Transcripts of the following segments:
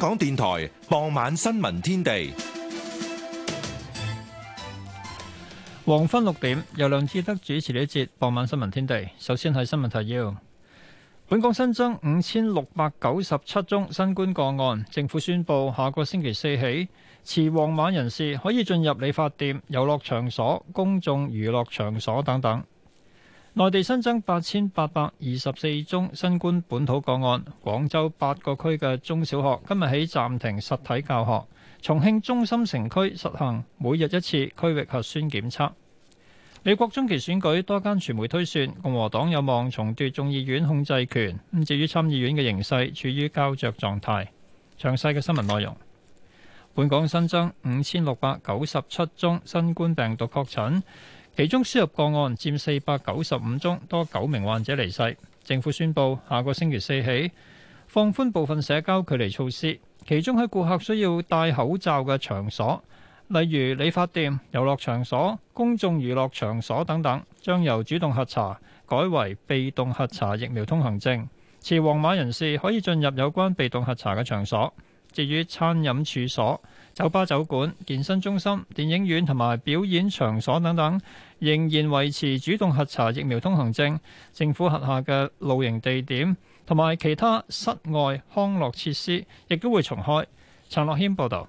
香港電台傍晚新聞天地，黃昏六點，由梁志德主持呢節傍晚新聞天地。首先係新聞提要：本港新增五千六百九十七宗新冠個案，政府宣布下個星期四起，持黃碼人士可以進入理髮店、遊樂場所、公眾娛樂場所等等。內地新增八千八百二十四宗新冠本土個案，廣州八個區嘅中小學今日起暫停實體教學，重慶中心城區實行每日一次區域核酸檢測。美國中期選舉多間傳媒推算共和黨有望重奪眾議院控制權，至於參議院嘅形勢處於膠着狀態。詳細嘅新聞內容，本港新增五千六百九十七宗新冠病毒確診。其中輸入個案佔四百九十五宗，多九名患者離世。政府宣布下個星期四起放寬部分社交距離措施，其中喺顧客需要戴口罩嘅場所，例如理髮店、遊樂場所、公眾娛樂場所等等，將由主動核查改為被動核查疫苗通行證。持黃碼人士可以進入有關被動核查嘅場所。至於餐飲處所、酒吧酒館、健身中心、電影院同埋表演場所等等，仍然維持主動核查疫苗通行證。政府轄下嘅露營地點同埋其他室外康樂設施，亦都會重開。陳樂慶報道。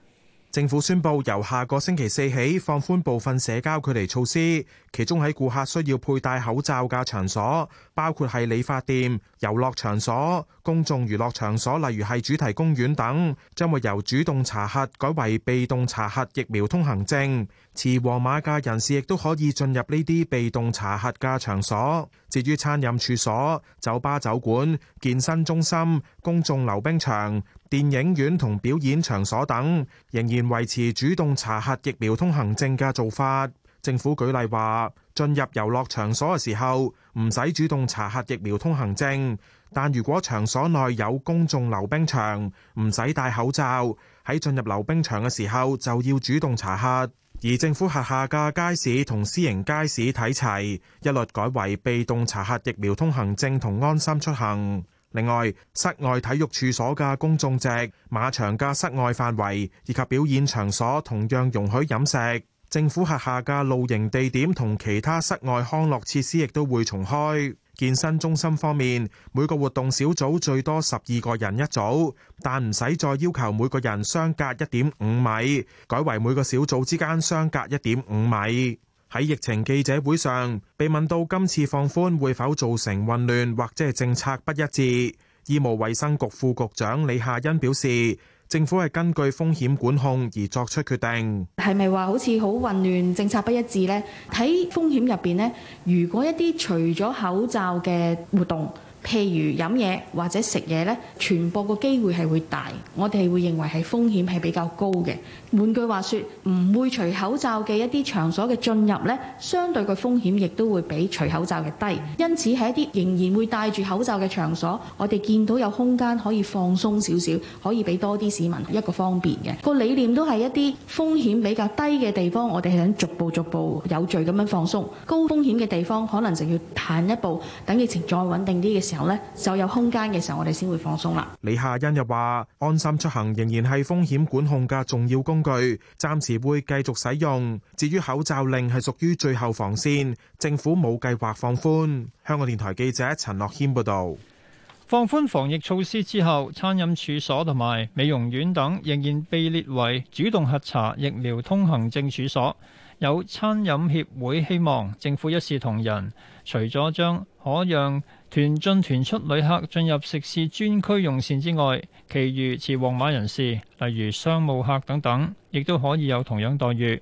政府宣布由下個星期四起，放寬部分社交距離措施，其中喺顧客需要佩戴口罩嘅場所，包括係理髮店、遊樂場所、公眾娛樂場所，例如係主題公園等，將會由主動查核改為被動查核疫苗通行證。持黃碼嘅人士亦都可以進入呢啲被動查核嘅場所。至於餐飲處所、酒吧酒館、健身中心、公眾溜冰場。電影院同表演場所等仍然維持主動查核疫苗通行證嘅做法。政府舉例話，進入遊樂場所嘅時候唔使主動查核疫苗通行證，但如果場所內有公眾溜冰場，唔使戴口罩，喺進入溜冰場嘅時候就要主動查核。而政府轄下嘅街市同私營街市睇齊，一律改為被動查核疫苗通行證同安心出行。另外，室外體育處所嘅公眾席、馬場嘅室外範圍以及表演場所同樣容許飲食。政府轄下嘅露營地點同其他室外康樂設施亦都會重開。健身中心方面，每個活動小組最多十二個人一組，但唔使再要求每個人相隔一點五米，改為每個小組之間相隔一點五米。喺疫情記者會上，被問到今次放寬會否造成混亂或者係政策不一致，醫務衛生局副局長李夏茵表示，政府係根據風險管控而作出決定。係咪話好似好混亂、政策不一致呢？喺風險入邊呢，如果一啲除咗口罩嘅活動，譬如飲嘢或者食嘢呢，傳播個機會係會大，我哋會認為係風險係比較高嘅。換句話說，唔會除口罩嘅一啲場所嘅進入呢，相對個風險亦都會比除口罩嘅低。因此喺一啲仍然會戴住口罩嘅場所，我哋見到有空間可以放鬆少少，可以俾多啲市民一個方便嘅個理念，都係一啲風險比較低嘅地方，我哋係想逐步逐步有序咁樣放鬆。高風險嘅地方，可能就要彈一步，等疫情再穩定啲嘅時候呢，就有空間嘅時候，我哋先會放鬆啦。李夏欣又話：安心出行仍然係風險管控嘅重要工具。佢暫時會繼續使用。至於口罩令係屬於最後防線，政府冇計劃放寬，香港電台記者陳樂謙報道。放寬防、防疫措施之後，餐飲處所同埋美容院等仍然被列為主動核查疫苗通行證處所。有餐飲協會希望政府一視同仁，除咗將可讓。團進團出旅客進入食肆專區用膳之外，其餘持黃碼人士，例如商務客等等，亦都可以有同樣待遇。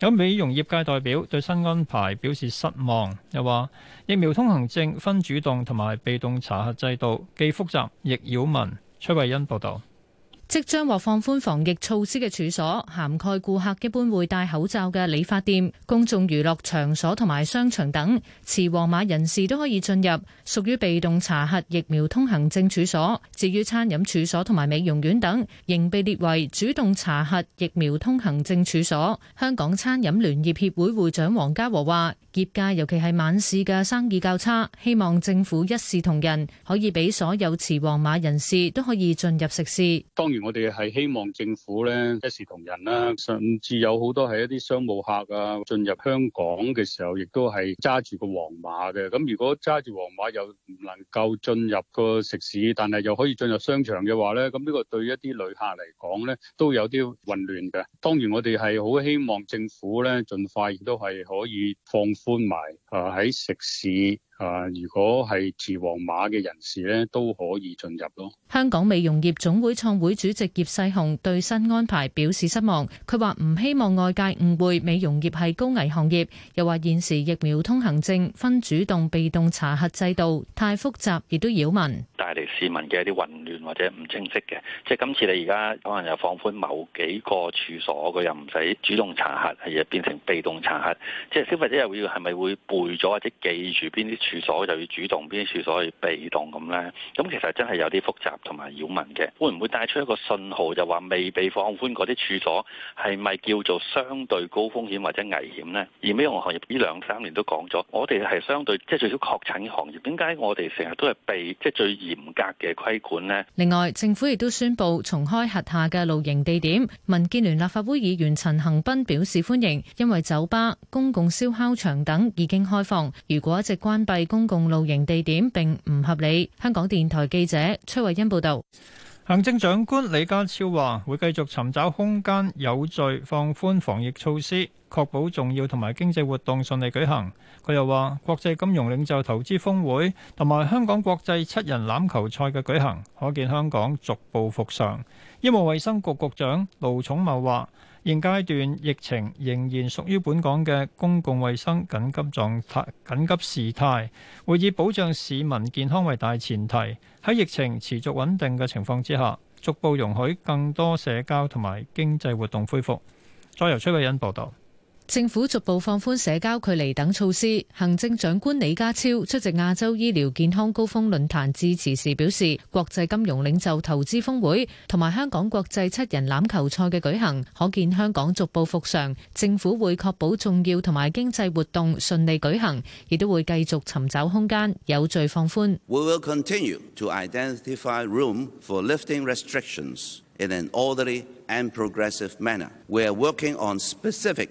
有美容業界代表對新安排表示失望，又話疫苗通行證分主動同埋被動查核制度，既複雜亦擾民。崔慧欣報道。即將獲放寬防疫措施嘅處所，涵蓋顧客一般會戴口罩嘅理髮店、公眾娛樂場所同埋商場等，持黃碼人士都可以進入，屬於被動查核疫苗通行證處所。至於餐飲處所同埋美容院等，仍被列為主動查核疫苗通行證處所。香港餐飲聯業協會會長黃家和話，業界尤其係晚市嘅生意較差，希望政府一視同仁，可以俾所有持黃碼人士都可以進入食肆。當然。我哋係希望政府咧一視同仁啦，甚至有好多係一啲商務客啊進入香港嘅時候，亦都係揸住個黃碼嘅。咁如果揸住黃碼又唔能夠進入個食肆，但係又可以進入商場嘅話咧，咁呢個對一啲旅客嚟講咧都有啲混亂嘅。當然我哋係好希望政府咧盡快亦都係可以放寬埋啊喺食肆。啊！如果係持黃碼嘅人士咧，都可以進入咯。香港美容業總會創會主席葉世雄對新安排表示失望。佢話唔希望外界誤會美容業係高危行業，又話現時疫苗通行證分主動、被動查核制度太複雜，亦都擾民，帶嚟市民嘅一啲混亂或者唔清晰嘅。即係今次你而家可能又放寬某幾個處所，佢又唔使主動查核，係又變成被動查核。即係消費者又要係咪會背咗或者記住邊啲？處所就要主動，邊啲處所要被動咁呢？咁其實真係有啲複雜同埋擾民嘅，會唔會帶出一個信號，就話未被放寬嗰啲處所係咪叫做相對高風險或者危險呢？而美容行業呢兩三年都講咗，我哋係相對即係最少確診行業，點解我哋成日都係被即係最嚴格嘅規管呢？另外，政府亦都宣布重開轄下嘅露營地點。民建聯立法會議員陳恒鑌表示歡迎，因為酒吧、公共燒烤場等已經開放，如果一直關閉，喺公共露營地點，並唔合理。香港電台記者崔慧欣報道。行政長官李家超話會繼續尋找空間，有序放寬防疫措施，確保重要同埋經濟活動順利舉行。佢又話，國際金融領袖投資峰會同埋香港國際七人欖球賽嘅舉行，可見香港逐步復常。醫務衛生局局長盧寵茂話。現階段疫情仍然屬於本港嘅公共衛生緊急狀態、緊急事態，會以保障市民健康為大前提。喺疫情持續穩定嘅情況之下，逐步容許更多社交同埋經濟活動恢復。再由崔偉恩報道。政府逐步放寬社交距離等措施。行政長官李家超出席亞洲醫療健康高峰論壇致辭時表示，國際金融領袖投資峰會同埋香港國際七人欖球賽嘅舉行，可見香港逐步復常。政府會確保重要同埋經濟活動順利舉行，亦都會繼續尋找空間，有序放寬。We will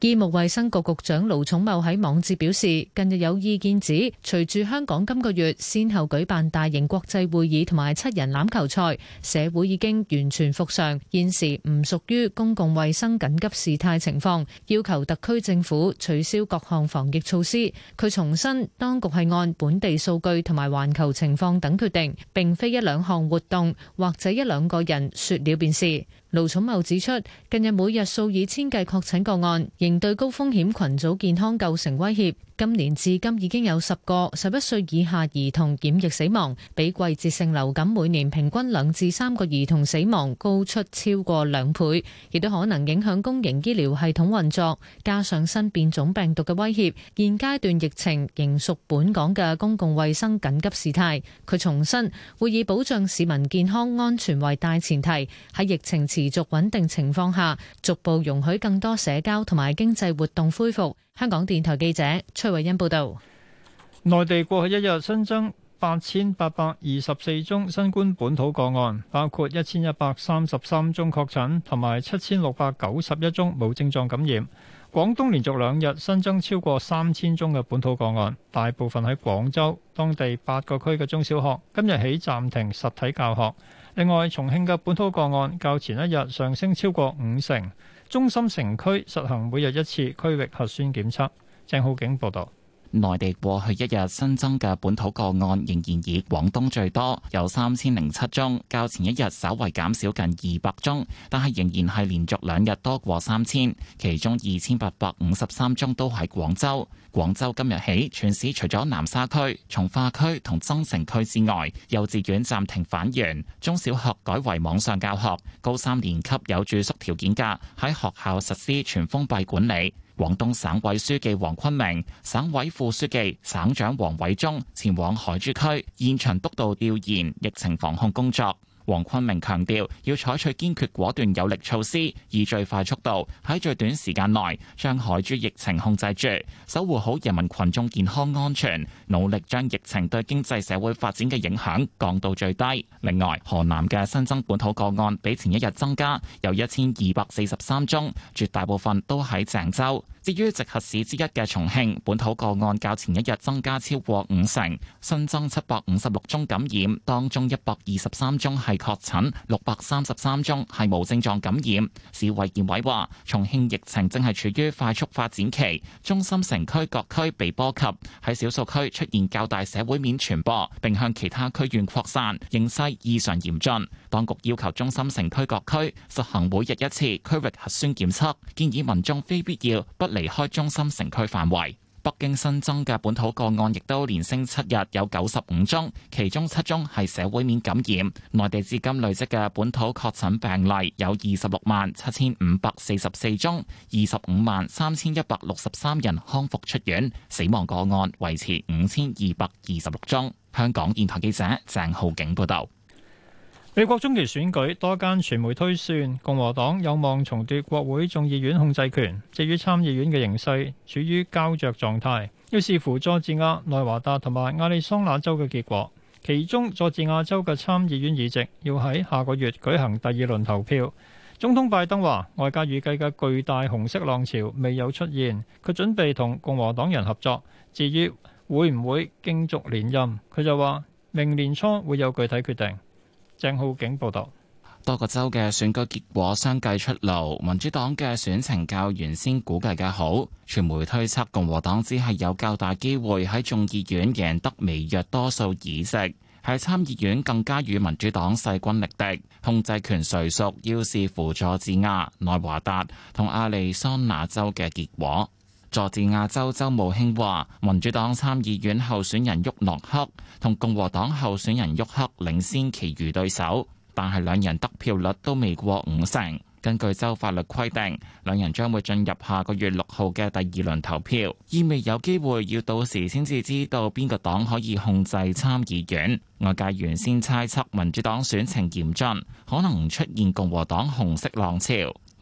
醫務衛生局局長盧寵茂喺網誌表示，近日有意見指，隨住香港今個月先後舉辦大型國際會議同埋七人欖球賽，社會已經完全復常，現時唔屬於公共衛生緊急事態情況，要求特區政府取消各項防疫措施。佢重申，當局係按本地數據同埋環球情況等決定，並非一兩項活動或者一兩個人說了便是。盧寵茂指出，近日每日數以千計確診個案，仍對高風險群組健康構成威脅。今年至今已經有十個十一歲以下兒童染疫死亡，比季節性流感每年平均兩至三個兒童死亡高出超過兩倍，亦都可能影響公營醫療系統運作。加上新變種病毒嘅威脅，現階段疫情仍屬本港嘅公共衛生緊急事態。佢重申，會以保障市民健康安全為大前提，喺疫情前，.持續穩定情況下，逐步容許更多社交同埋經濟活動恢復。香港電台記者崔慧欣報道：內地過去一日新增八千八百二十四宗新冠本土個案，包括一千一百三十三宗確診同埋七千六百九十一宗無症狀感染。廣東連續兩日新增超過三千宗嘅本土個案，大部分喺廣州，當地八個區嘅中小學今日起暫停實體教學。另外，重慶嘅本土個案較前一日上升超過五成，中心城區實行每日一次區域核酸檢測。鄭浩景報道。內地過去一日新增嘅本土個案仍然以廣東最多，有三千零七宗，較前一日稍為減少近二百宗，但係仍然係連續兩日多過三千。其中二千八百五十三宗都喺廣州。廣州今日起，全市除咗南沙區、從化區同增城區之外，幼稚園暫停返園，中小學改為網上教學，高三年級有住宿條件嘅，喺學校實施全封閉管理。廣東省委書記黃坤明、省委副書記、省長王偉中前往海珠區現場督導調研疫情防控工作。黃坤明強調，要採取堅決、果斷、有力措施，以最快速度喺最短時間內將海珠疫情控制住，守護好人民群眾健康安全，努力將疫情對經濟社會發展嘅影響降到最低。另外，河南嘅新增本土個案比前一日增加，有一千二百四十三宗，絕大部分都喺鄭州。至於直轄市之一嘅重慶，本土個案較前一日增加超過五成，新增七百五十六宗感染，當中一百二十三宗係確診，六百三十三宗係無症狀感染。市衛健委話，重慶疫情正係處於快速發展期，中心城區各區被波及，喺少數區出現較大社會面傳播，並向其他區縣擴散，形勢異常嚴峻。當局要求中心城區各區實行每日一次區域核酸檢測，建議民眾非必要不。離開中心城區範圍，北京新增嘅本土個案亦都連升七日，有九十五宗，其中七宗係社會面感染。內地至今累積嘅本土確診病例有二十六萬七千五百四十四宗，二十五萬三千一百六十三人康復出院，死亡個案維持五千二百二十六宗。香港電台記者鄭浩景報道。美國中期選舉，多間傳媒推算共和黨有望重奪國會眾議院控制權，至於參議院嘅形勢處於膠着狀態，要視乎佐治亞、內華達同埋亞利桑那州嘅結果。其中佐治亞州嘅參議院議席要喺下個月舉行第二輪投票。總統拜登話，外界預計嘅巨大紅色浪潮未有出現，佢準備同共和黨人合作。至於會唔會競逐連任，佢就話明年初會有具體決定。鄭浩景報道，多個州嘅選舉結果相繼出爐，民主黨嘅選情較原先估計嘅好。傳媒推測共和黨只係有較大機會喺眾議院贏得微弱多數議席，喺參議院更加與民主黨勢均力敵，控制權誰屬，要視輔助字壓內華達同亞利桑那州嘅結果。佐治亞州州務卿話，民主黨參議院候選人沃諾克同共和黨候選人沃克領先其餘對手，但係兩人得票率都未過五成。根據州法律規定，兩人將會進入下個月六號嘅第二輪投票，意味有機會要到時先至知道邊個黨可以控制參議院。外界原先猜測民主黨選情嚴峻，可能出現共和黨紅色浪潮。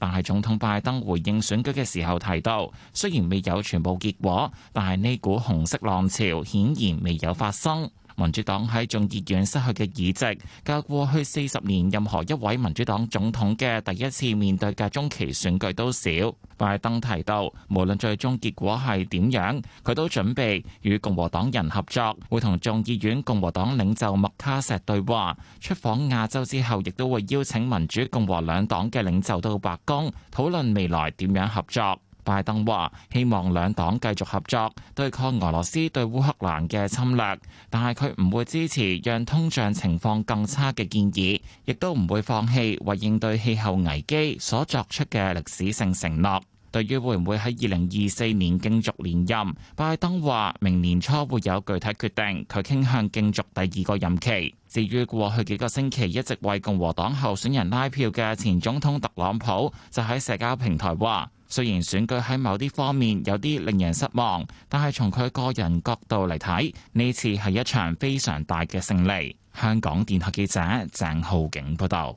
但係，總統拜登回應選舉嘅時候提到，雖然未有全部結果，但係呢股紅色浪潮顯然未有發生。民主黨喺眾議院失去嘅議席，較過去四十年任何一位民主黨總統嘅第一次面對嘅中期選舉都少。拜登提到，無論最終結果係點樣，佢都準備與共和黨人合作，會同眾議院共和黨領袖麥卡錫對話。出訪亞洲之後，亦都會邀請民主共和兩黨嘅領袖到白宮討論未來點樣合作。拜登話希望兩黨繼續合作，對抗俄羅斯對烏克蘭嘅侵略，但係佢唔會支持讓通脹情況更差嘅建議，亦都唔會放棄為應對氣候危機所作出嘅歷史性承諾。對於會唔會喺二零二四年競逐連任，拜登話明年初會有具體決定。佢傾向競逐第二個任期。至於過去幾個星期一直為共和黨候選人拉票嘅前總統特朗普，就喺社交平台話，雖然選舉喺某啲方面有啲令人失望，但係從佢個人角度嚟睇，呢次係一場非常大嘅勝利。香港電台記者鄭浩景報道。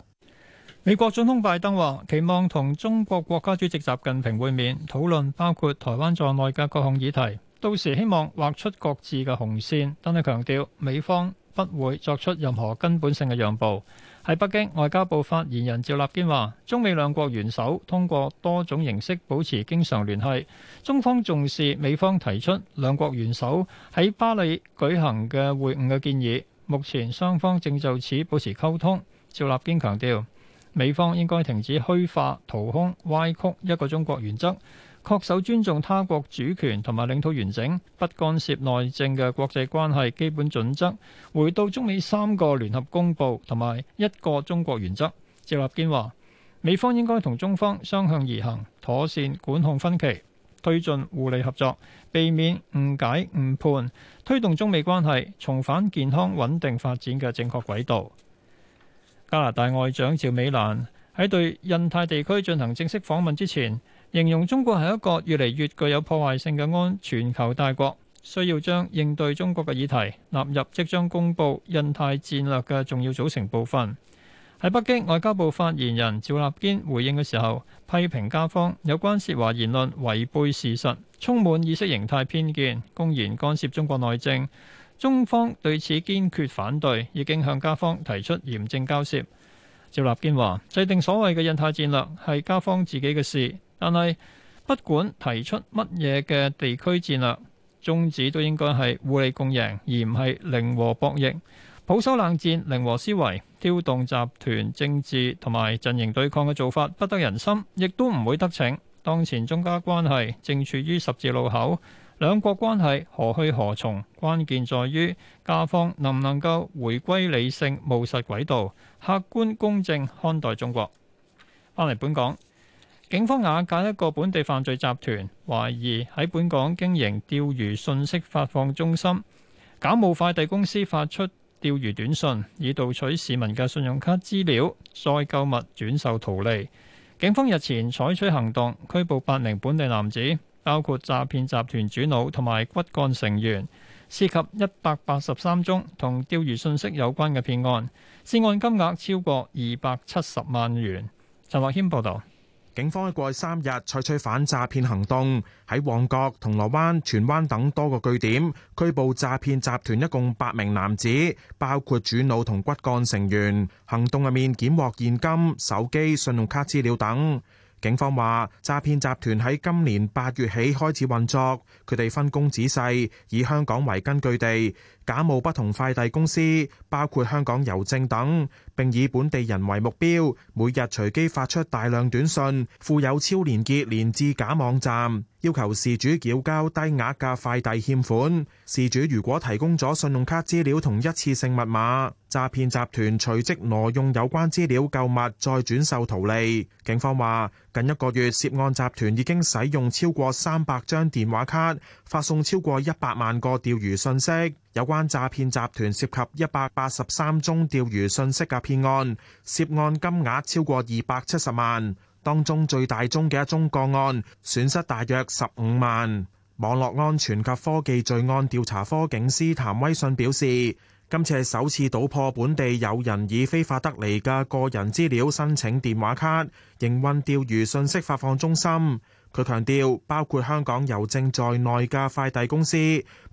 美國總統拜登話：期望同中國國家主席習近平會面，討論包括台灣在內嘅各項議題。到時希望劃出各自嘅紅線，但係強調美方不會作出任何根本性嘅讓步。喺北京，外交部發言人趙立堅話，中美兩國元首通過多種形式保持經常聯繫，中方重視美方提出兩國元首喺巴黎舉行嘅會晤嘅建議，目前雙方正就此保持溝通。趙立堅強調美方應該停止虛化、掏空、歪曲一個中國原則。恪守尊重他國主權同埋領土完整、不干涉內政嘅國際關係基本準則，回到中美三個聯合公佈同埋一個中國原則。趙立堅話：美方應該同中方相向而行，妥善管控分歧，推進互利合作，避免誤解誤判，推動中美關係重返健康穩定發展嘅正確軌道。加拿大外長趙美蘭喺對印太地區進行正式訪問之前，形容中國係一個越嚟越具有破壞性嘅安全球大國，需要將應對中國嘅議題納入即將公布印太戰略嘅重要組成部分。喺北京外交部發言人趙立堅回應嘅時候，批評加方有關涉華言論違背事實，充滿意識形態偏見，公然干涉中國內政。中方對此堅決反對，已經向加方提出嚴正交涉。趙立堅話：制定所謂嘅印太戰略係加方自己嘅事。但係不管提出乜嘢嘅地區戰略宗旨，都應該係互利共贏，而唔係零和博弈、保守冷戰、零和思維、挑動集團政治同埋陣營對抗嘅做法，不得人心，亦都唔會得逞。當前中加關係正處於十字路口，兩國關係何去何從，關鍵在於加方能唔能夠回歸理性務實軌道，客觀公正看待中國。翻嚟本港。警方瓦解一個本地犯罪集團，懷疑喺本港經營釣魚信息發放中心，假冒快遞公司發出釣魚短信，以盜取市民嘅信用卡資料，再購物轉售逃利。警方日前採取行動，拘捕八名本地男子，包括詐騙集團主腦同埋骨幹成員，涉及一百八十三宗同釣魚信息有關嘅騙案，涉案金額超過二百七十萬元。陳樂謙報道。警方喺過去三日採取反詐騙行動，喺旺角、銅鑼灣、荃灣等多個據點拘捕詐騙集團一共八名男子，包括主腦同骨幹成員。行動入面檢獲現金、手機、信用卡資料等。警方話，詐騙集團喺今年八月起開始運作，佢哋分工仔細，以香港為根據地，假冒不同快遞公司，包括香港郵政等，並以本地人為目標，每日隨機發出大量短訊，附有超連結連至假網站，要求事主繳交低額嘅快遞欠款。事主如果提供咗信用卡資料同一次性密碼，詐騙集團隨即挪用有關資料購物，再轉售圖利。警方話，近一個月涉案集團已經使用超過三百張電話卡，發送超過一百萬個釣魚信息。有關詐騙集團涉及一百八十三宗釣魚信息嘅騙案，涉案金額超過二百七十萬，當中最大宗嘅一宗個案損失大約十五萬。網絡安全及科技罪案調查科警司譚威信表示。今次係首次搗破本地有人以非法得嚟嘅個人資料申請電話卡營運釣魚信息發放中心。佢強調，包括香港郵政在內嘅快遞公司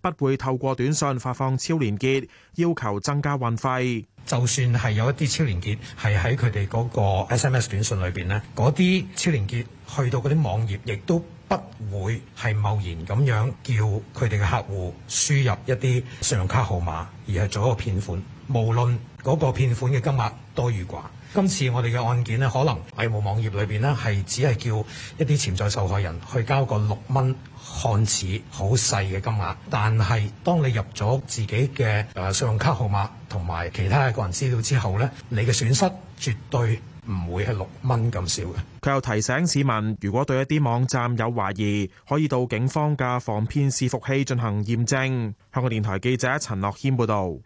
不會透過短信發放超連結，要求增加運費。就算係有一啲超連結係喺佢哋嗰個 SMS 短信裏邊，呢嗰啲超連結去到嗰啲網頁，亦都，不會係貿然咁樣叫佢哋嘅客戶輸入一啲信用卡號碼，而係做一個騙款。無論嗰個騙款嘅金額多與寡，今次我哋嘅案件呢，可能偽冒網頁裏邊呢，係只係叫一啲潛在受害人去交個六蚊，看似好細嘅金額，但係當你入咗自己嘅誒信用卡號碼同埋其他嘅個人資料之後呢，你嘅損失絕對唔會係六蚊咁少嘅。佢又提醒市民，如果對一啲網站有懷疑，可以到警方嘅防騙視伏器進行驗證。香港電台記者陳樂謙報導。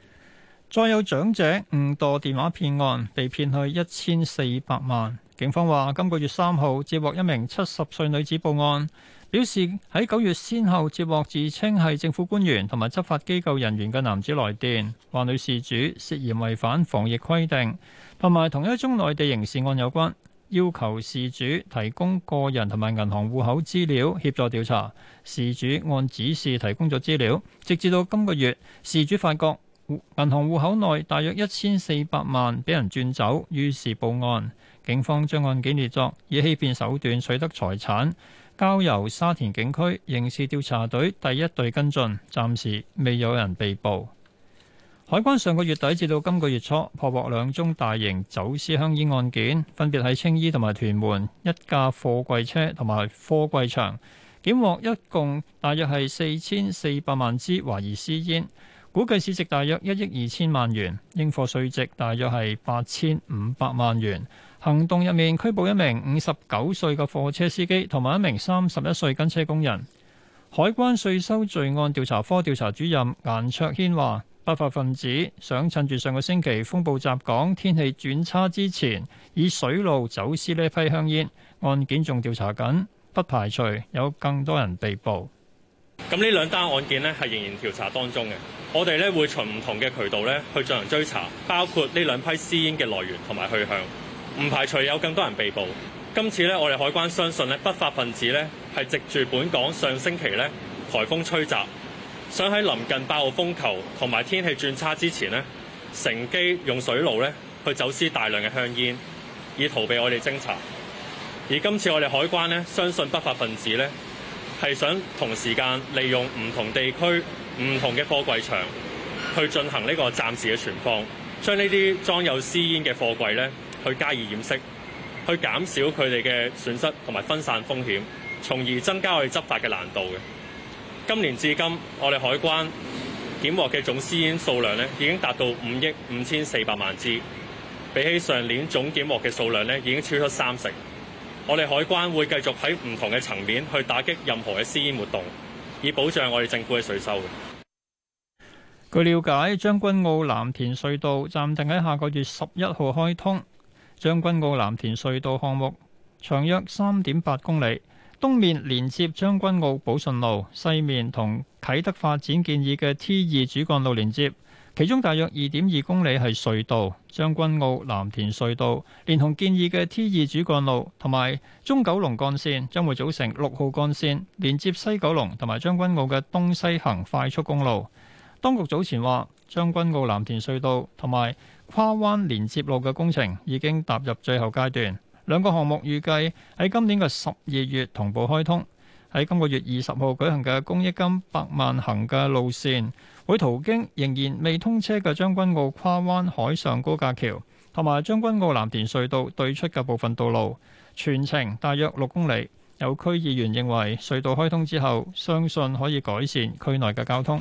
再有長者誤墮電話騙案，被騙去一千四百萬。警方話，今個月三號接獲一名七十歲女子報案，表示喺九月先後接獲自稱係政府官員同埋執法機構人員嘅男子來電，話女事主涉嫌違反防疫規定。同埋同一宗內地刑事案有關，要求事主提供個人同埋銀行戶口資料協助調查。事主按指示提供咗資料，直至到今個月，事主發覺銀行戶口內大約一千四百萬俾人轉走，於是報案。警方將案件列作以欺騙手段取得財產，交由沙田警區刑事調查隊第一隊跟進，暫時未有人被捕。海關上個月底至到今個月初破獲兩宗大型走私香煙案件，分別喺青衣同埋屯門一架貨櫃車同埋貨櫃場，檢獲一共大約係四千四百萬支懷疑私煙，估計市值大約一億二千萬元，應課稅值大約係八千五百萬元。行動入面拘捕一名五十九歲嘅貨車司機同埋一名三十一歲跟車工人。海關稅收罪案調查科調查主任顏卓軒話。不法分子想趁住上個星期風暴襲港、天氣轉差之前，以水路走私呢批香煙。案件仲調查緊，不排除有更多人被捕。咁呢兩單案件呢，係仍然調查當中嘅，我哋呢，會循唔同嘅渠道呢，去進行追查，包括呢兩批私煙嘅來源同埋去向，唔排除有更多人被捕。今次呢，我哋海關相信呢，不法分子呢，係藉住本港上星期呢，颱風吹襲。想喺臨近八號風球同埋天氣轉差之前呢，乘機用水路咧去走私大量嘅香煙，以逃避我哋偵查。而今次我哋海關呢，相信不法分子咧係想同時間利用唔同地區、唔同嘅貨櫃場去進行呢個暫時嘅存放，將呢啲裝有私煙嘅貨櫃咧去加以掩飾，去減少佢哋嘅損失同埋分散風險，從而增加我哋執法嘅難度嘅。今年至今，我哋海關檢獲嘅總私煙數量咧，已經達到五億五千四百萬支，比起上年總檢獲嘅數量咧，已經超出三成。我哋海關會繼續喺唔同嘅層面去打擊任何嘅私煙活動，以保障我哋政府嘅稅收。據了解，將軍澳藍田隧道暫定喺下個月十一號開通。將軍澳藍田隧道項目長約三點八公里。東面連接將軍澳寶順路，西面同啟德發展建議嘅 T2 主幹路連接，其中大約二點二公里係隧道。將軍澳藍田隧道，連同建議嘅 T2 主幹路同埋中九龍幹綫，將會組成六號幹綫，連接西九龍同埋將軍澳嘅東西行快速公路。當局早前話，將軍澳藍田隧道同埋跨灣連接路嘅工程已經踏入最後階段。兩個項目預計喺今年嘅十二月同步開通。喺今個月二十號舉行嘅公益金百萬行嘅路線，會途經仍然未通車嘅將軍澳跨灣海上高架橋同埋將軍澳藍田隧道對出嘅部分道路，全程大約六公里。有區議員認為隧道開通之後，相信可以改善區內嘅交通。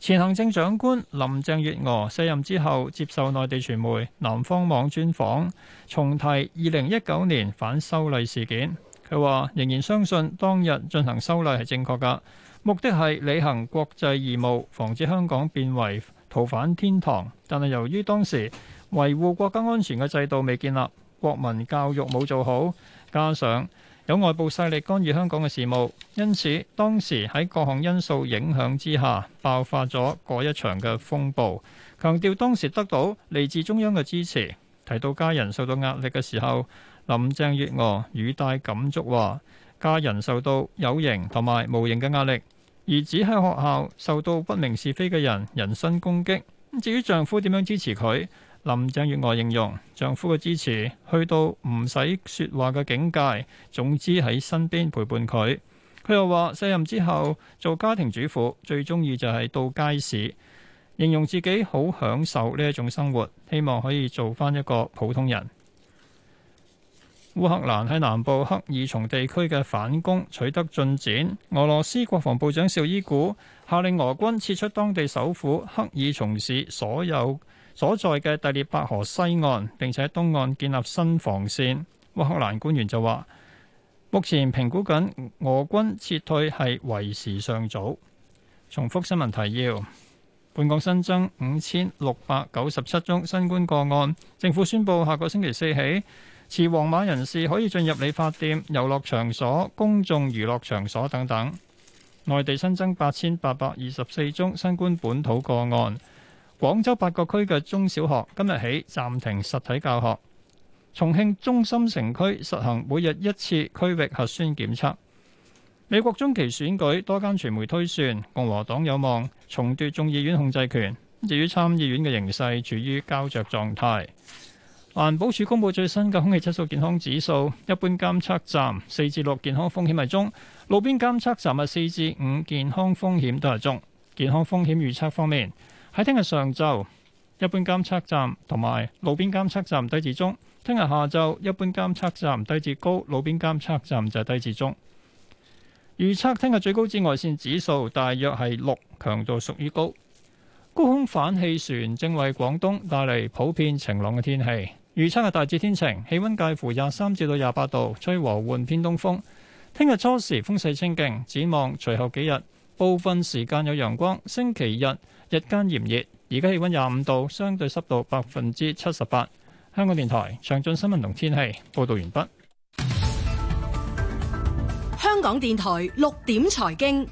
前行政長官林鄭月娥卸任之後，接受內地傳媒南方網專訪，重提二零一九年反修例事件。佢話仍然相信當日進行修例係正確嘅，目的係履行國際義務，防止香港變為逃犯天堂。但係由於當時維護國家安全嘅制度未建立，國民教育冇做好，加上，有外部勢力干預香港嘅事務，因此當時喺各項因素影響之下，爆發咗嗰一場嘅風暴。強調當時得到嚟自中央嘅支持，提到家人受到壓力嘅時候，林鄭月娥語帶感觸話：家人受到有形同埋無形嘅壓力，兒子喺學校受到不明是非嘅人人身攻擊。咁至於丈夫點樣支持佢？林鄭月娥形容丈夫嘅支持去到唔使說話嘅境界，總之喺身邊陪伴佢。佢又話卸任之後做家庭主婦，最鍾意就係到街市，形容自己好享受呢一種生活，希望可以做返一個普通人。烏克蘭喺南部克爾松地區嘅反攻取得進展，俄羅斯國防部長紹伊古下令俄軍撤出當地首府克爾松市所有所在嘅第聶伯河西岸並且東岸建立新防線，烏克蘭官員就話目前評估緊俄軍撤退係為時尚早。重複新聞提要：本港新增五千六百九十七宗新冠個案，政府宣布下個星期四起，持黃碼人士可以進入理髮店、遊樂場所、公眾娛樂場所等等。內地新增八千八百二十四宗新冠本土個案。廣州八個區嘅中小學今日起暫停實體教學。重慶中心城區實行每日一次區域核酸檢測。美國中期選舉多間傳媒推算，共和黨有望重奪眾議院控制權，至於參議院嘅形勢處於膠着狀態。環保署公布最新嘅空氣質素健康指數，一般監測站四至六健康風險係中，路邊監測站係四至五健康風險都係中。健康風險預測方面，喺聽日上晝，一般監測站同埋路邊監測站低至中；聽日下晝，一般監測站低至高，路邊監測站就低至中。預測聽日最高紫外線指數大約係六，強度屬於高。高空反氣旋正為廣東帶嚟普遍晴朗嘅天氣，預測係大致天晴，氣溫介乎廿三至到廿八度，吹和緩偏東風。聽日初時風勢清勁，展望隨後幾日，部分時間有陽光，星期日日間炎熱，而家氣溫廿五度，相對濕度百分之七十八。香港電台詳盡新聞同天氣報道完畢。香港電台六點財經，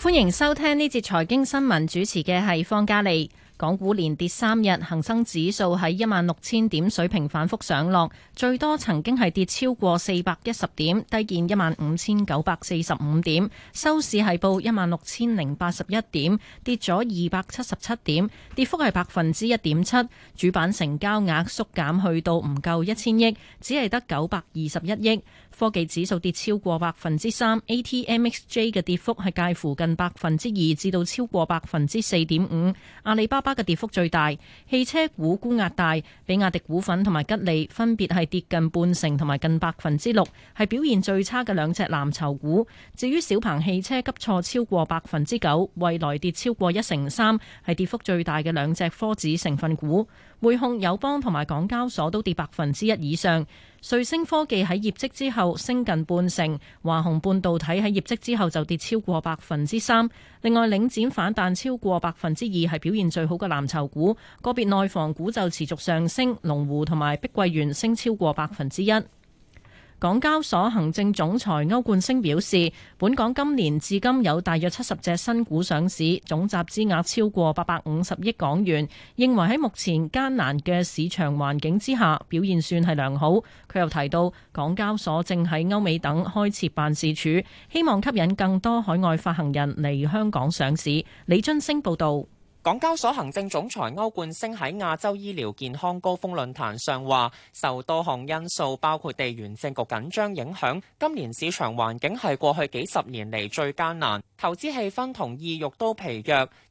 歡迎收聽呢節財經新聞，主持嘅係方嘉利。港股連跌三日，恒生指數喺一萬六千點水平反覆上落，最多曾經係跌超過四百一十點，低見一萬五千九百四十五點，收市係報一萬六千零八十一點，跌咗二百七十七點，跌幅係百分之一點七。主板成交額縮減去到唔夠一千億，只係得九百二十一億。科技指數跌超過百分之三，ATMXJ 嘅跌幅係介乎近百分之二至到超過百分之四點五。阿里巴巴嘅跌幅最大，汽車股沽壓大，比亞迪股份同埋吉利分別係跌近半成同埋近百分之六，係表現最差嘅兩隻藍籌股。至於小鵬汽車急挫超過百分之九，蔚來跌超過一成三，係跌幅最大嘅兩隻科指成分股。匯控、友邦同埋港交所都跌百分之一以上，瑞星科技喺業績之後升近半成，華虹半導體喺業績之後就跌超過百分之三。另外，領展反彈超過百分之二係表現最好嘅藍籌股，個別內房股就持續上升，龍湖同埋碧桂園升超過百分之一。港交所行政總裁歐冠昇表示，本港今年至今有大約七十隻新股上市，總集資額超過八百五十億港元。認為喺目前艱難嘅市場環境之下，表現算係良好。佢又提到，港交所正喺歐美等開設辦事處，希望吸引更多海外發行人嚟香港上市。李津升報道。港交所行政總裁歐冠升喺亞洲醫療健康高峰論壇上話，受多項因素，包括地緣政局緊張影響，今年市場環境係過去幾十年嚟最艱難，投資氣氛同意欲都疲弱。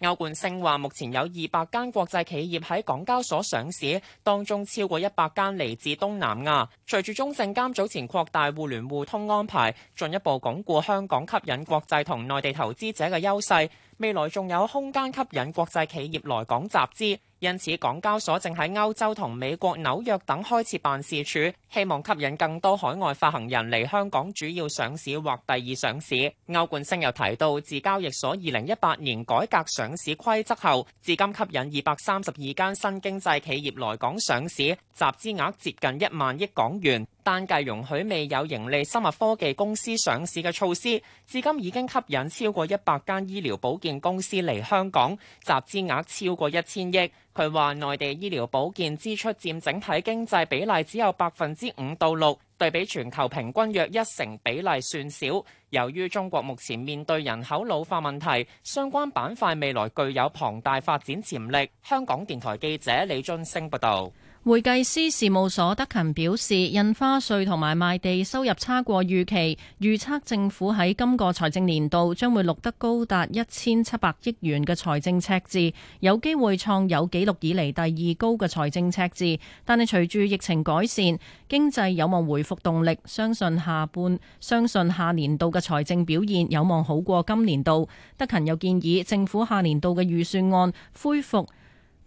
歐冠昇話：目前有二百間國際企業喺港交所上市，當中超過一百間嚟自東南亞。隨住中證監早前擴大互聯互通安排，進一步鞏固香港吸引國際同內地投資者嘅優勢，未來仲有空間吸引國際企業來港集資。因此，港交所正喺歐洲同美國紐約等開設辦事處，希望吸引更多海外發行人嚟香港主要上市或第二上市。歐冠星又提到，自交易所二零一八年改革上市規則後，至今吸引二百三十二間新經濟企業來港上市，集資額接近一萬億港元。單計容許未有盈利生物科技公司上市嘅措施，至今已經吸引超過一百間醫療保健公司嚟香港，集資額超過一千億。佢話：內地醫療保健支出佔整體經濟比例只有百分之五到六，對比全球平均約一成比例算少。由於中國目前面對人口老化問題，相關板塊未來具有龐大發展潛力。香港電台記者李俊升報道。會計師事務所德勤表示，印花稅同埋賣地收入差過預期，預測政府喺今個財政年度將會錄得高達一千七百億元嘅財政赤字，有機會創有紀錄以嚟第二高嘅財政赤字。但係隨住疫情改善，經濟有望回復動力，相信下半相信下年度嘅財政表現有望好過今年度。德勤又建議政府下年度嘅預算案恢復。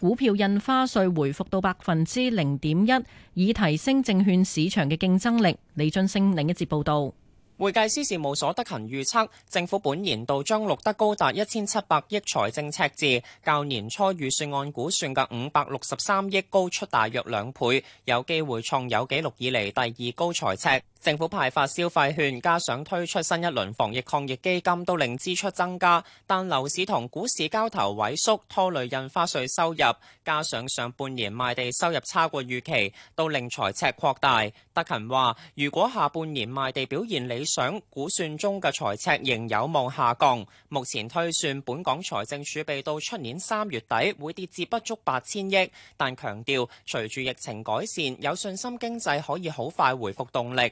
股票印花稅回復到百分之零點一，以提升證券市場嘅競爭力。李俊勝。另一節報導，會計師事務所德勤預測，政府本年度將錄得高達一千七百億財政赤字，較年初預算案估算嘅五百六十三億高出大約兩倍，有機會創有紀錄以嚟第二高財赤。政府派發消費券，加上推出新一輪防疫抗疫基金，都令支出增加。但樓市同股市交投萎縮，拖累印花稅收入，加上上半年賣地收入差過預期，都令財赤擴大。德勤話，如果下半年賣地表現理想，估算中嘅財赤仍有望下降。目前推算本港財政儲備到出年三月底會跌至不足八千億，但強調隨住疫情改善，有信心經濟可以好快回復動力。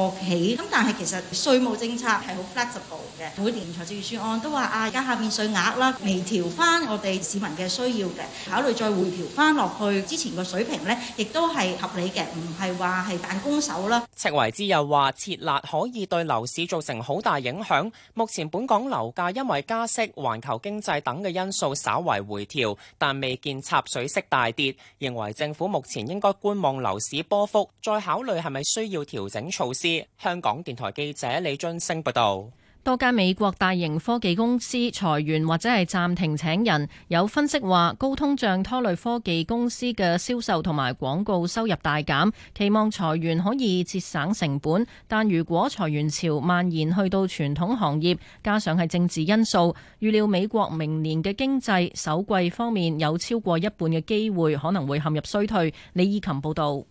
個期咁，但係其實稅務政策係好 flexible 嘅。每年財政預算案都話啊，而家下面稅額啦微調翻我哋市民嘅需要嘅，考慮再回調翻落去之前個水平呢，亦都係合理嘅，唔係話係辦公手啦。赤維之又話，撤辣可以對樓市造成好大影響。目前本港樓價因為加息、環球經濟等嘅因素稍為回調，但未見插水式大跌。認為政府目前應該觀望樓市波幅，再考慮係咪需要調整措施。香港電台記者李俊升報道，多間美國大型科技公司裁員或者係暫停請人。有分析話，高通脹拖累科技公司嘅銷售同埋廣告收入大減，期望裁員可以節省成本。但如果裁員潮蔓延去到傳統行業，加上係政治因素，預料美國明年嘅經濟首季方面有超過一半嘅機會可能會陷入衰退。李以琴報道。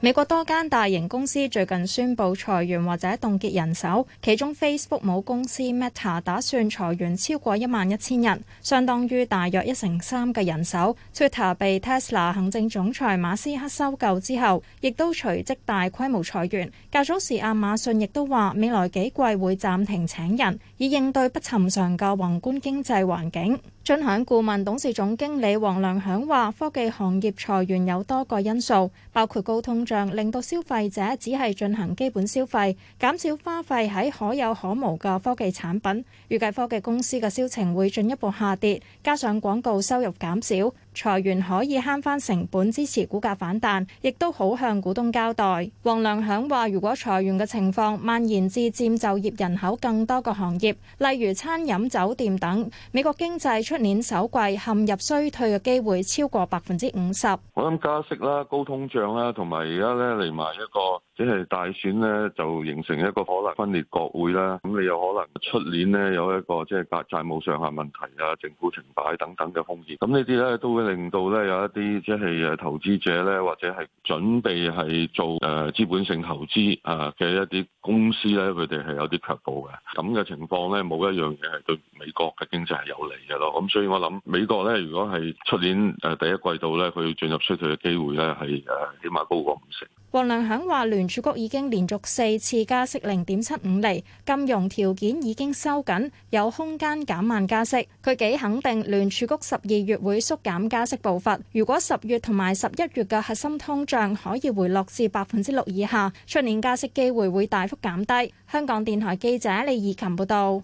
美國多間大型公司最近宣布裁員或者凍結人手，其中 Facebook 母公司 Meta 打算裁員超過一萬一千人，相當於大約一成三嘅人手。Twitter 被 Tesla 行政總裁馬斯克收購之後，亦都隨即大規模裁員。較早時，亞馬遜亦都話未來幾季會暫停請人，以應對不尋常嘅宏觀經濟環境。聯享顧問董事總經理黃良響話：科技行業裁員有多個因素，包括高通脹令到消費者只係進行基本消費，減少花費喺可有可無嘅科技產品。預計科技公司嘅銷情會進一步下跌，加上廣告收入減少。裁員可以慳翻成本，支持股價反彈，亦都好向股東交代。黃良響話，如果裁員嘅情況蔓延至佔就業人口更多嘅行業，例如餐飲、酒店等，美國經濟出年首季陷入衰退嘅機會超過百分之五十。我諗加息啦，高通脹啦，同埋而家咧嚟埋一個。即係大選咧，就形成一個可能分裂國會啦。咁你有可能出年呢，有一個即係債債務上限問題啊、政府停擺等等嘅風險。咁呢啲咧都會令到咧有一啲即係誒投資者咧，或者係準備係做誒資本性投資啊嘅一啲公司咧，佢哋係有啲卻步嘅。咁嘅情況咧，冇一樣嘢係對美國嘅經濟係有利嘅咯。咁所以我諗美國咧，如果係出年誒第一季度咧，佢要進入衰退嘅機會咧係誒起碼高過五成。王良響話：聯儲局已經連續四次加息零點七五厘，金融條件已經收緊，有空間減慢加息。佢幾肯定聯儲局十二月會縮減加息步伐。如果十月同埋十一月嘅核心通脹可以回落至百分之六以下，出年加息機會會大幅減低。香港電台記者李義琴報道。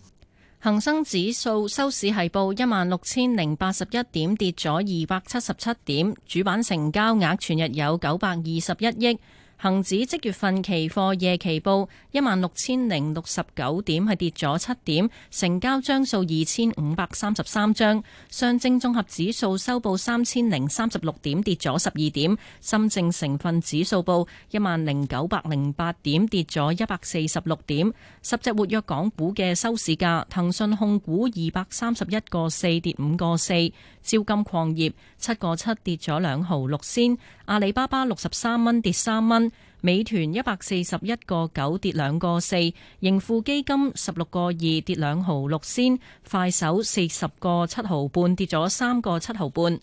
恒生指數收市係報一萬六千零八十一點，跌咗二百七十七點。主板成交額全日有九百二十一億。恒指即月份期貨夜期報一萬六千零六十九點，係跌咗七點，成交張數二千五百三十三張。上證綜合指數收報三千零三十六點，跌咗十二點。深證成分指數報一萬零九百零八點，跌咗一百四十六點。十隻活躍港股嘅收市價，騰訊控股二百三十一個四跌五個四，招金礦業七個七跌咗兩毫六仙，阿里巴巴六十三蚊跌三蚊。美團一百四十一個九跌兩個四，盈富基金十六個二跌兩毫六仙，快手四十個七毫半跌咗三個七毫半，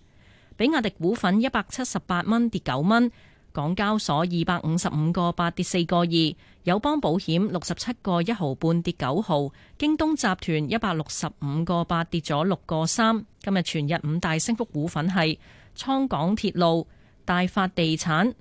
比亞迪股份一百七十八蚊跌九蚊，港交所二百五十五個八跌四個二，友邦保險六十七個一毫半跌九毫，京東集團一百六十五個八跌咗六個三，今日全日五大升幅股份係倉港鐵路、大發地產、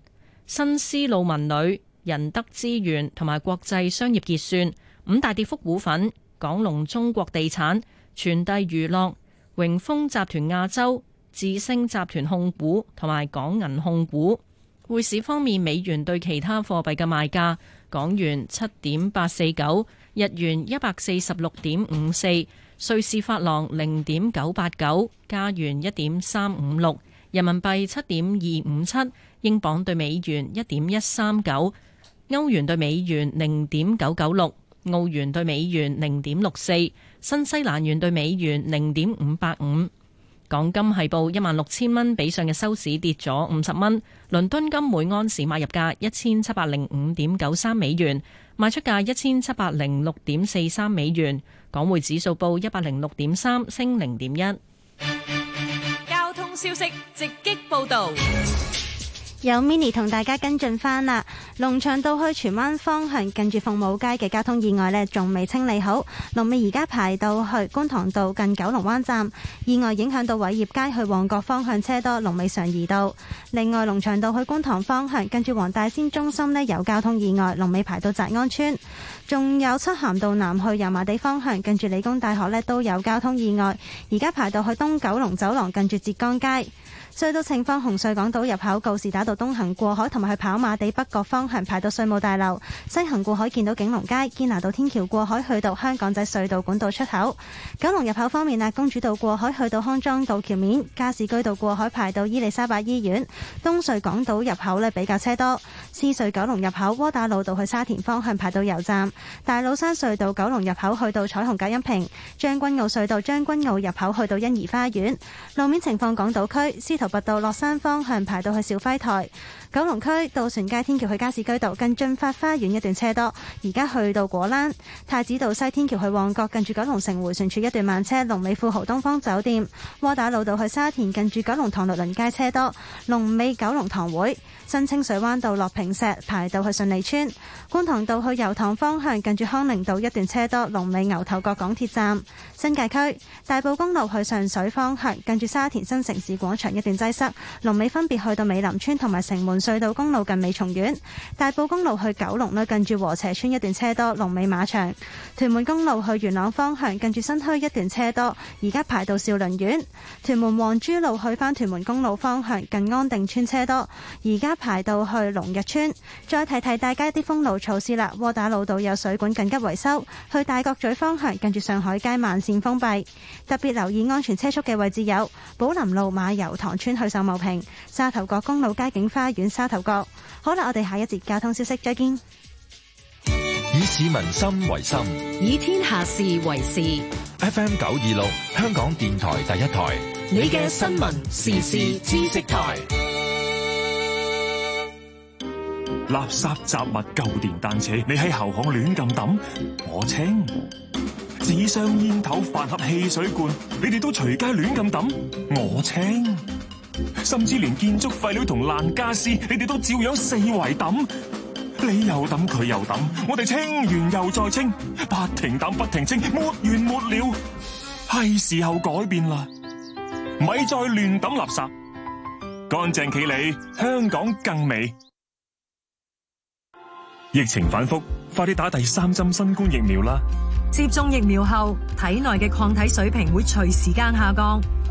新思路文旅、仁德資源同埋國際商業結算。五大跌幅股份：港龍中國地產、傳遞娛樂、榮豐集團亞洲、智星集團控股同埋港銀控股。匯市方面，美元對其他貨幣嘅賣價：港元七點八四九，日元一百四十六點五四，瑞士法郎零點九八九，加元一點三五六，人民幣七點二五七。英鎊兌美元一點一三九，歐元兌美元零點九九六，澳元兌美元零點六四，新西蘭元兌美元零點五八五。港金係報一萬六千蚊，比上嘅收市跌咗五十蚊。倫敦金每安士買入價一千七百零五點九三美元，賣出價一千七百零六點四三美元。港匯指數報一百零六點三，升零點一。交通消息直擊報道。有 mini 同大家跟進返啦。龍翔道去荃灣方向近住鳳舞街嘅交通意外呢，仲未清理好。龍尾而家排到去觀塘道近九龍灣站。意外影響到偉業街去旺角方向車多，龍尾常移道。另外，龍翔道去觀塘方向近住黃大仙中心呢，有交通意外，龍尾排到澤安村。仲有漆咸道南去油麻地方向近住理工大學呢，都有交通意外，而家排到去東九龍走廊近住浙江街。隧道情況：紅隧港島入口告士打道東行過海同埋去跑馬地北角方向排到稅務大樓；西行過海見到景隆街、堅拿道天橋，過海去到香港仔隧道管道出口。九龍入口方面啊，公主道過海去到康莊道橋面；加士居道過海排到伊利沙伯醫院。東隧港島入口呢，比較車多。獅隧九龍入口窩打老道去沙田方向排到油站。大老山隧道九龍入口去到彩虹隔音屏。將軍澳隧道將軍澳入口去到欣怡花園。路面情況：港島區。司徒拔道落山方向排到去肇輝臺。九龍區渡船街天橋去加士居道，近駿發花園一段車多。而家去到果欄太子道西天橋去旺角，近住九龍城回旋處一段慢車。龍尾富豪東方酒店，窩打老道去沙田，近住九龍塘律倫街車多。龍尾九龍塘會新清水灣道樂平石排道去順利村，觀塘道去油塘方向，近住康寧道一段車多。龍尾牛頭角港鐵站，新界區大埔公路去上水方向，近住沙田新城市廣場一段擠塞。龍尾分別去到美林村同埋城門。隧道公路近美松苑，大埔公路去九龍呢，近住和斜村一段車多，龍尾馬場。屯門公路去元朗方向，近住新墟一段車多，而家排到兆麟苑。屯門皇珠路去翻屯門公路方向，近安定村車多，而家排到去龍逸邨。再提提大家啲封路措施啦，窩打老道有水管緊急維修，去大角咀方向近住上海街慢線封閉。特別留意安全車速嘅位置有寶林路馬游塘村去秀茂坪、沙頭角公路街景花園。沙頭角，好啦，我哋下一節交通消息，再見。以市民心為心，以天下事為事。FM 九二六，香港電台第一台，你嘅新聞時事知識台。垃圾雜物舊電單車，你喺後巷亂咁抌，我清。紙箱煙頭飯盒汽水罐，你哋都隨街亂咁抌，我清。甚至連建築廢料同爛家私，你哋都照樣四圍抌，你又抌，佢又抌，我哋清完又再清，不停抌，不停清，沒完沒了，係時候改變啦，咪再亂抌垃圾，乾淨企理，香港更美。疫情反覆，快啲打第三針新冠疫苗啦！接種疫苗後，體內嘅抗體水平會隨時間下降。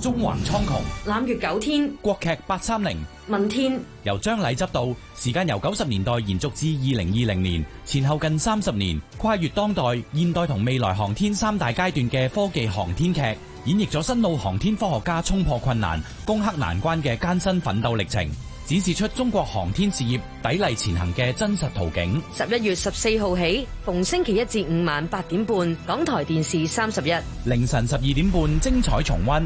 縱橫蒼穹，攬月九天。國劇八三零問天，由張禮執導，時間由九十年代延續至二零二零年，前後近三十年，跨越當代、現代同未來航天三大階段嘅科技航天劇，演繹咗新老航天科學家衝破困難、攻克難關嘅艱辛奮鬥歷程，展示出中國航天事業砥礪前行嘅真實圖景。十一月十四號起，逢星期一至五晚八點半，港台電視三十一凌晨十二點半，精彩重溫。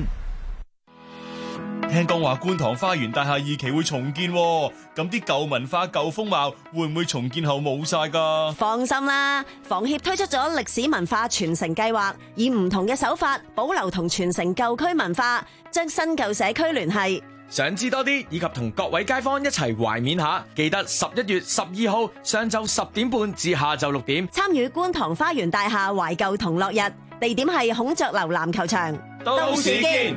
聽講話觀塘花園大廈二期會重建，咁啲舊文化、舊風貌會唔會重建後冇晒噶？放心啦，房協推出咗歷史文化傳承計劃，以唔同嘅手法保留同傳承舊區文化，將新舊社區聯繫。想知多啲，以及同各位街坊一齊懷緬下，記得十一月十二號上晝十點半至下晝六點，參與觀塘花園大廈懷舊同樂日，地點係孔雀樓籃球場。到時見。